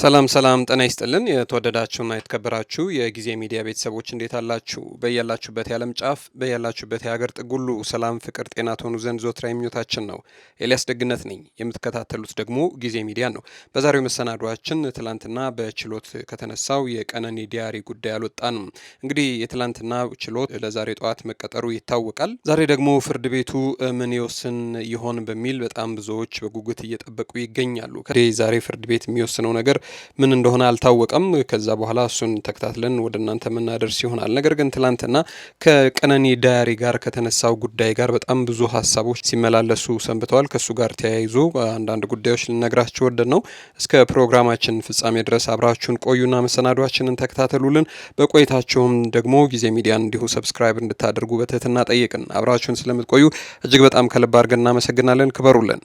ሰላም ሰላም፣ ጤና ይስጥልን። የተወደዳችሁና የተከበራችሁ የጊዜ ሚዲያ ቤተሰቦች እንዴት አላችሁ? በያላችሁበት የዓለም ጫፍ በያላችሁበት የሀገር ጥጉሉ ሰላም፣ ፍቅር፣ ጤና ትሆኑ ዘንድ ዞትራ ምኞታችን ነው። ኤልያስ ደግነት ነኝ። የምትከታተሉት ደግሞ ጊዜ ሚዲያ ነው። በዛሬው መሰናዷችን ትላንትና በችሎት ከተነሳው የቀነኒ ዲያሪ ጉዳይ አልወጣንም። እንግዲህ የትላንትና ችሎት ለዛሬ ጠዋት መቀጠሩ ይታወቃል። ዛሬ ደግሞ ፍርድ ቤቱ ምን ይወስን ይሆን በሚል በጣም ብዙዎች በጉጉት እየጠበቁ ይገኛሉ። ዛሬ ፍርድ ቤት የሚወስነው ነገር ምን እንደሆነ አልታወቀም። ከዛ በኋላ እሱን ተከታትለን ወደ እናንተ የምናደርስ ይሆናል። ነገር ግን ትላንትና ከቀነኒ ዳያሪ ጋር ከተነሳው ጉዳይ ጋር በጣም ብዙ ሀሳቦች ሲመላለሱ ሰንብተዋል። ከእሱ ጋር ተያይዞ አንዳንድ ጉዳዮች ልነግራችሁ ወደን ነው። እስከ ፕሮግራማችን ፍጻሜ ድረስ አብራችሁን ቆዩና መሰናዷችንን ተከታተሉልን። በቆይታችሁም ደግሞ ጊዜ ሚዲያን እንዲሁ ሰብስክራይብ እንድታደርጉ በትህትና ጠይቅን። አብራችሁን ስለምትቆዩ እጅግ በጣም ከልብ አድርገን እናመሰግናለን። ክበሩልን።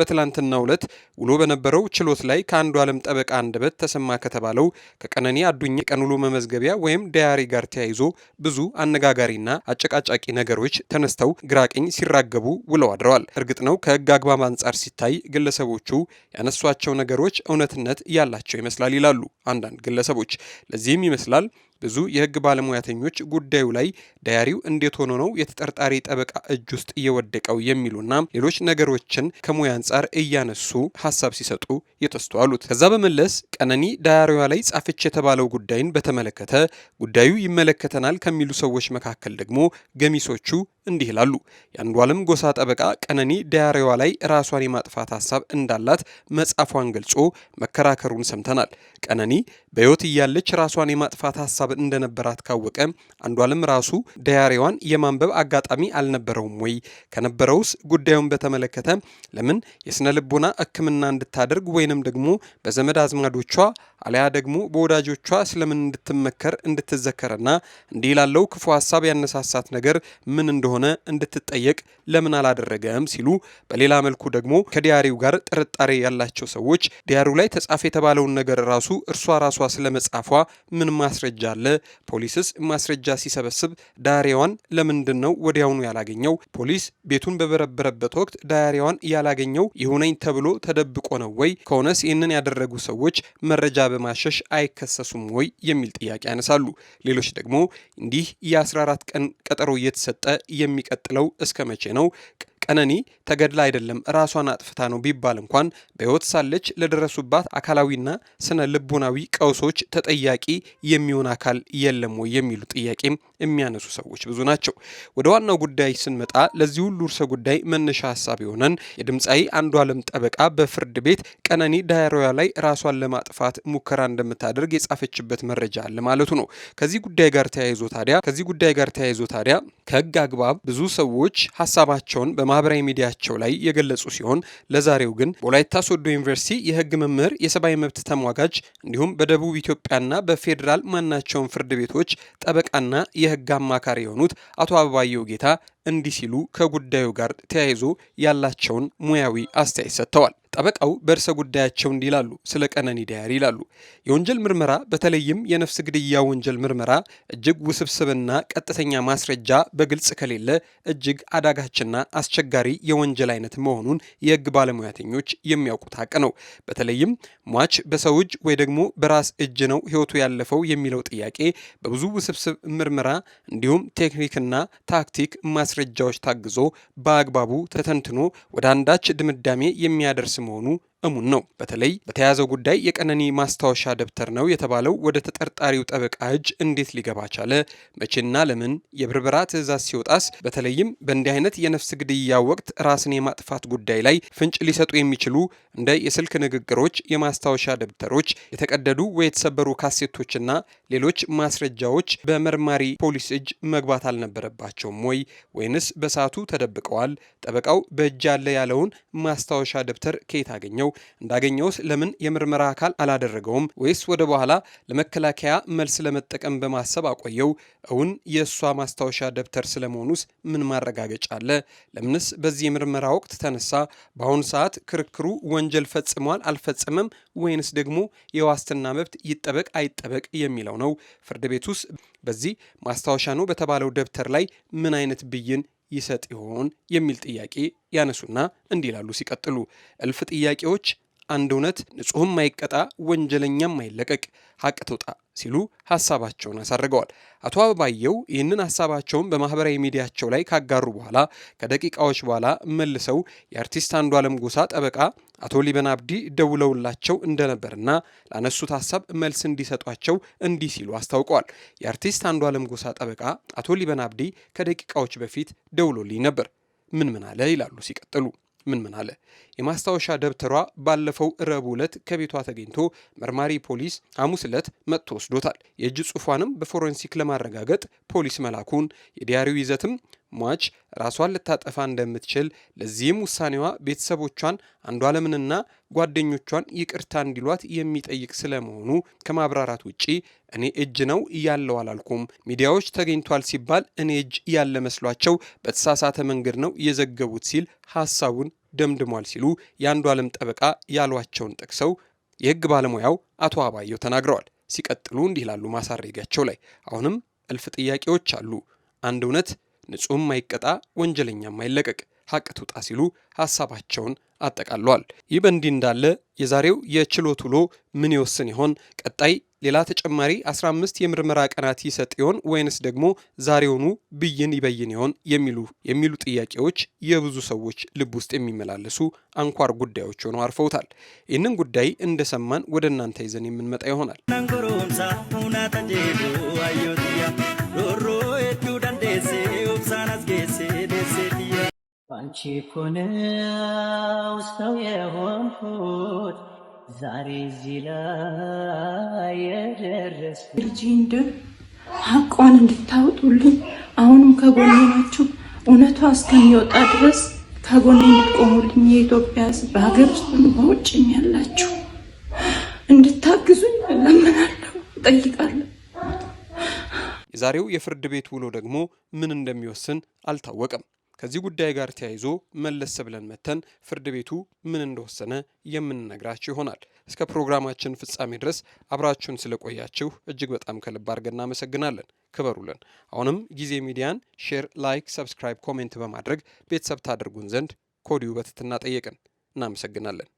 በትላንትናው ዕለት ውሎ በነበረው ችሎት ላይ ከአንዱ ዓለም ጠበቃ አንደበት ተሰማ ከተባለው ከቀነኒ አዱኛ የቀን ውሎ መመዝገቢያ ወይም ዳያሪ ጋር ተያይዞ ብዙ አነጋጋሪና አጨቃጫቂ ነገሮች ተነስተው ግራቅኝ ሲራገቡ ውለው አድረዋል። እርግጥ ነው ከህግ አግባብ አንጻር ሲታይ ግለሰቦቹ ያነሷቸው ነገሮች እውነትነት ያላቸው ይመስላል ይላሉ አንዳንድ ግለሰቦች። ለዚህም ይመስላል ብዙ የህግ ባለሙያተኞች ጉዳዩ ላይ ዳያሪው እንዴት ሆኖ ነው የተጠርጣሪ ጠበቃ እጅ ውስጥ እየወደቀው የሚሉና ሌሎች ነገሮችን ከሙያ አንጻር እያነሱ ሀሳብ ሲሰጡ የተስተዋሉት። ከዛ በመለስ ቀነኒ ዳያሪዋ ላይ ጻፍች የተባለው ጉዳይን በተመለከተ ጉዳዩ ይመለከተናል ከሚሉ ሰዎች መካከል ደግሞ ገሚሶቹ እንዲህ ይላሉ። የአንዷለም ጎሳ ጠበቃ ቀነኒ ዳያሪዋ ላይ ራሷን የማጥፋት ሀሳብ እንዳላት መጻፏን ገልጾ መከራከሩን ሰምተናል። ቀነኒ በሕይወት እያለች ራሷን የማጥፋት ሀሳብ እንደነበራት ካወቀ አንዷለም ራሱ ዳያሪዋን የማንበብ አጋጣሚ አልነበረውም ወይ? ከነበረውስ ጉዳዩን በተመለከተ ለምን የስነ ልቦና ሕክምና እንድታደርግ ወይንም ደግሞ በዘመድ አዝማዶቿ አሊያ ደግሞ በወዳጆቿ ስለምን እንድትመከር እንድትዘከርና እንዲህ ላለው ክፉ ሀሳብ ያነሳሳት ነገር ምን እንደሆነ እንድትጠየቅ ለምን አላደረገም ሲሉ፣ በሌላ መልኩ ደግሞ ከዲያሪው ጋር ጥርጣሬ ያላቸው ሰዎች ዲያሪው ላይ ተጻፈ የተባለውን ነገር ራሱ እርሷ ራሷ ስለመጻፏ ምን ማስረጃ አለ? ፖሊስስ ማስረጃ ሲሰበስብ ዳያሪዋን ለምንድን ነው ወዲያውኑ ያላገኘው? ፖሊስ ቤቱን በበረበረበት ወቅት ዳያሪዋን ያላገኘው ይሁነኝ ተብሎ ተደብቆ ነው ወይ? ከሆነስ ይህንን ያደረጉ ሰዎች መረጃ በማሸሽ አይከሰሱም ወይ የሚል ጥያቄ ያነሳሉ። ሌሎች ደግሞ እንዲህ የ14 ቀን ቀጠሮ እየተሰጠ የሚቀጥለው እስከ መቼ ነው? ቀነኒ ተገድላ አይደለም ራሷን አጥፍታ ነው ቢባል እንኳን በሕይወት ሳለች ለደረሱባት አካላዊና ስነ ልቦናዊ ቀውሶች ተጠያቂ የሚሆን አካል የለም ወይ የሚሉ ጥያቄም የሚያነሱ ሰዎች ብዙ ናቸው። ወደ ዋናው ጉዳይ ስንመጣ ለዚህ ሁሉ እርሰ ጉዳይ መነሻ ሀሳብ የሆነን የድምፃዊ አንዷለም ጠበቃ በፍርድ ቤት ቀነኒ ዳይሪዋ ላይ ራሷን ለማጥፋት ሙከራ እንደምታደርግ የጻፈችበት መረጃ አለ ማለቱ ነው። ከዚህ ጉዳይ ጋር ተያይዞ ታዲያ ከዚህ ጉዳይ ጋር ተያይዞ ታዲያ ከህግ አግባብ ብዙ ሰዎች ሀሳባቸውን በማ ማህበራዊ ሚዲያቸው ላይ የገለጹ ሲሆን ለዛሬው ግን በወላይታ ሶዶ ዩኒቨርሲቲ የህግ መምህር፣ የሰብአዊ መብት ተሟጋጅ እንዲሁም በደቡብ ኢትዮጵያና በፌዴራል ማናቸውም ፍርድ ቤቶች ጠበቃና የህግ አማካሪ የሆኑት አቶ አበባየሁ ጌታ እንዲህ ሲሉ ከጉዳዩ ጋር ተያይዞ ያላቸውን ሙያዊ አስተያየት ሰጥተዋል። ጠበቃው በእርሰ ጉዳያቸው እንዲህ ስለ ቀነኒ ዳያሪ ይላሉ። የወንጀል ምርመራ በተለይም የነፍስ ግድያ ወንጀል ምርመራ እጅግ ውስብስብና ቀጥተኛ ማስረጃ በግልጽ ከሌለ እጅግ አዳጋችና አስቸጋሪ የወንጀል አይነት መሆኑን የህግ ባለሙያተኞች የሚያውቁት ሀቅ ነው። በተለይም ሟች በሰው እጅ ወይ ደግሞ በራስ እጅ ነው ህይወቱ ያለፈው የሚለው ጥያቄ በብዙ ውስብስብ ምርመራ እንዲሁም ቴክኒክና ታክቲክ ማስረጃዎች ታግዞ በአግባቡ ተተንትኖ ወደ አንዳች ድምዳሜ የሚያደርስ መሆኑ እሙን ነው። በተለይ በተያዘው ጉዳይ የቀነኒ ማስታወሻ ደብተር ነው የተባለው ወደ ተጠርጣሪው ጠበቃ እጅ እንዴት ሊገባ ቻለ? መቼና ለምን? የብርበራ ትዕዛዝ ሲወጣስ? በተለይም በእንዲህ አይነት የነፍስ ግድያ ወቅት ራስን የማጥፋት ጉዳይ ላይ ፍንጭ ሊሰጡ የሚችሉ እንደ የስልክ ንግግሮች፣ የማስታወሻ ደብተሮች፣ የተቀደዱ ወይ የተሰበሩ ካሴቶችና ሌሎች ማስረጃዎች በመርማሪ ፖሊስ እጅ መግባት አልነበረባቸውም ወይ? ወይንስ በሰዓቱ ተደብቀዋል? ጠበቃው በእጅ አለ ያለውን ማስታወሻ ደብተር ከየት አገኘው? እንዳገኘውስ ለምን የምርመራ አካል አላደረገውም ወይስ ወደ በኋላ ለመከላከያ መልስ ለመጠቀም በማሰብ አቆየው? እውን የእሷ ማስታወሻ ደብተር ስለመሆኑስ ምን ማረጋገጫ አለ? ለምንስ በዚህ የምርመራ ወቅት ተነሳ? በአሁኑ ሰዓት ክርክሩ ወንጀል ፈጽሟል አልፈጸመም፣ ወይንስ ደግሞ የዋስትና መብት ይጠበቅ አይጠበቅ የሚለው ነው። ፍርድ ቤቱስ በዚህ ማስታወሻ ነው በተባለው ደብተር ላይ ምን አይነት ብይን ይሰጥ ይሆን የሚል ጥያቄ ያነሱና እንዲህ ይላሉ ሲቀጥሉ እልፍ ጥያቄዎች አንድ እውነት ንጹህም አይቀጣ ወንጀለኛም አይለቀቅ ሀቅ ትውጣ ሲሉ ሀሳባቸውን አሳርገዋል። አቶ አበባየው ይህንን ሀሳባቸውን በማህበራዊ ሚዲያቸው ላይ ካጋሩ በኋላ ከደቂቃዎች በኋላ መልሰው የአርቲስት አለም ጎሳ ጠበቃ አቶ ሊበን አብዲ ደውለውላቸው እንደነበርና ላነሱት ሀሳብ መልስ እንዲሰጧቸው እንዲህ ሲሉ አስታውቀዋል። የአርቲስት አለም ጎሳ ጠበቃ አቶ ሊበን አብዲ ከደቂቃዎች በፊት ደውሎልኝ ነበር። ምን ምን አለ? ይላሉ ሲቀጥሉ ምን ምን አለ? የማስታወሻ ደብተሯ ባለፈው ረቡዕ ዕለት ከቤቷ ተገኝቶ መርማሪ ፖሊስ ሐሙስ ዕለት መጥቶ ወስዶታል። የእጅ ጽሑፏንም በፎረንሲክ ለማረጋገጥ ፖሊስ መላኩን የዲያሪው ይዘትም ሟች ራሷን ልታጠፋ እንደምትችል ለዚህም ውሳኔዋ ቤተሰቦቿን አንዱ አለምንና ጓደኞቿን ይቅርታ እንዲሏት የሚጠይቅ ስለመሆኑ ከማብራራት ውጪ እኔ እጅ ነው እያለው አላልኩም። ሚዲያዎች ተገኝቷል ሲባል እኔ እጅ ያለ መስሏቸው በተሳሳተ መንገድ ነው የዘገቡት ሲል ሀሳቡን ደምድሟል ሲሉ የአንዱ አለም ጠበቃ ያሏቸውን ጠቅሰው የህግ ባለሙያው አቶ አባየው ተናግረዋል። ሲቀጥሉ እንዲህ ይላሉ ማሳረጊያቸው ላይ አሁንም እልፍ ጥያቄዎች አሉ። አንድ እውነት ንጹሕም አይቀጣ፣ ወንጀለኛም አይለቀቅ፣ ሀቅ ትውጣ ሲሉ ሀሳባቸውን አጠቃለዋል። ይህ በእንዲህ እንዳለ የዛሬው የችሎት ውሎ ምን ይወስን ይሆን? ቀጣይ ሌላ ተጨማሪ 15 የምርመራ ቀናት ይሰጥ ይሆን ወይንስ ደግሞ ዛሬውኑ ብይን ይበይን ይሆን የሚሉ የሚሉ ጥያቄዎች የብዙ ሰዎች ልብ ውስጥ የሚመላለሱ አንኳር ጉዳዮች ሆነው አርፈውታል። ይህንን ጉዳይ እንደሰማን ወደ እናንተ ይዘን የምንመጣ ይሆናል። አንቺ እኮ ነው ሰው የሆንኩት ዛሬ እዚህ ላይ የደረስኩት። ልጅ ሀቋን እንድታወጡልኝ አሁንም ከጎኔ ናችሁ። እውነቷ እስከሚወጣ ድረስ ከጎኔ እንድትቆሙልኝ የኢትዮጵያ ሕዝብ በሀገር ውስጥም በውጭም ያላችሁ እንድታግዙኝ እለምናለሁ፣ እጠይቃለሁ። የዛሬው የፍርድ ቤት ውሎ ደግሞ ምን እንደሚወስን አልታወቀም። ከዚህ ጉዳይ ጋር ተያይዞ መለስ ብለን መተን ፍርድ ቤቱ ምን እንደወሰነ የምንነግራችሁ ይሆናል። እስከ ፕሮግራማችን ፍጻሜ ድረስ አብራችሁን ስለቆያችሁ እጅግ በጣም ከልብ አድርገን እናመሰግናለን። ክበሩልን። አሁንም ጊዜ ሚዲያን ሼር፣ ላይክ፣ ሰብስክራይብ፣ ኮሜንት በማድረግ ቤተሰብ ታደርጉን ዘንድ ኮዲው በትትና ጠየቅን። እናመሰግናለን።